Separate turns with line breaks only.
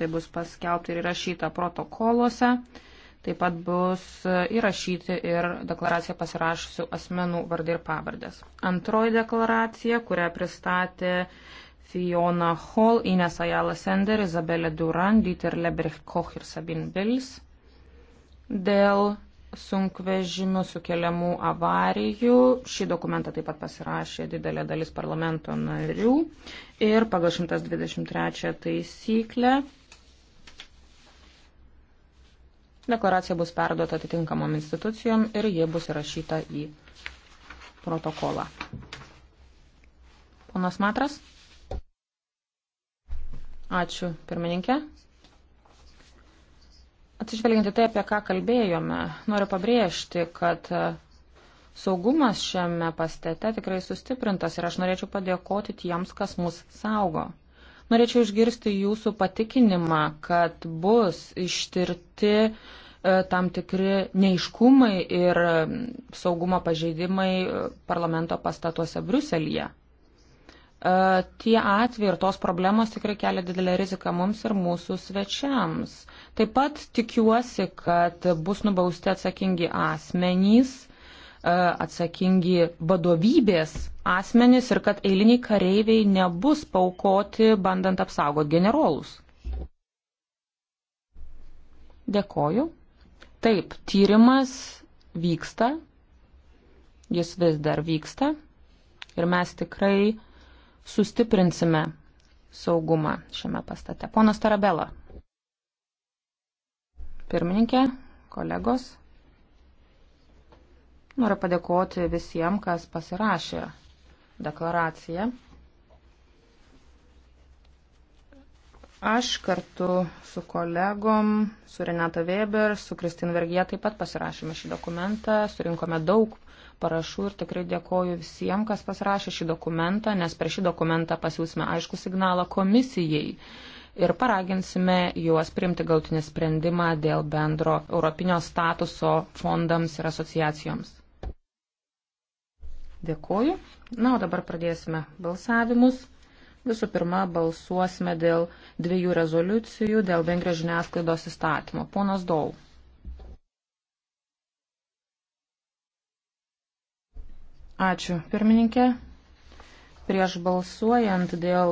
Tai bus paskelbta ir įrašyta protokoluose. Taip pat bus įrašyti ir deklaraciją pasirašusių asmenų vardai ir pavardės. Antroji deklaracija, kurią pristatė Fiona Hall, Ines Ayala Sender, Izabelė Duran, Dieter Lebrecht Koch ir Sabin Bils dėl sunkvežimių sukeliamų avarijų. Šį dokumentą taip pat pasirašė didelė dalis parlamento narių ir pagal 123 taisyklę Deklaracija bus perduota atitinkamom institucijom ir jie bus įrašyta į protokolą. Ponas Matras. Ačiū, pirmininkė. Atsižvelgiant į tai, apie ką kalbėjome, noriu pabrėžti, kad saugumas šiame pastete tikrai sustiprintas ir aš norėčiau padėkoti tiems, kas mus saugo. Norėčiau išgirsti jūsų patikinimą, kad bus ištirti e, tam tikri neiškumai ir saugumo pažeidimai e, parlamento pastatuose Bruselėje e, tie atvejai ir tos problemos tikrai kelia didelę riziką mums ir mūsų svečiams. Taip pat tikiuosi, kad bus nubausti atsakingi asmenys E, atsakingi vadovybės asmenys ir kad eiliniai kareiviai nebus paukoti, bandant apsaugoti generolus. Dėkoju. Taip, tyrimas vyksta, jis vis dar vyksta ir mes tikrai sustiprinsime saugumą šiame pastate. Ponas Tarabela. Pirmininkė, kolegos. Noriu padėkoti visiems, kas pasirašė deklaraciją. Aš kartu su kolegom, su Renata Weber, su Kristin Vergija taip pat pasirašėme šį dokumentą, surinkome daug parašų ir tikrai dėkoju visiems, kas pasirašė šį dokumentą, nes per šį dokumentą pasiūsime aišku signalą komisijai ir paraginsime juos priimti galtinį sprendimą dėl bendro europinio statuso fondams ir asociacijoms. Dėkoju. Na, o dabar pradėsime balsavimus. Visų pirma, balsuosime dėl dviejų rezoliucijų dėl Vengrijos žiniasklaidos įstatymo. Ponas Dau. Ačiū, pirmininkė. Prieš balsuojant dėl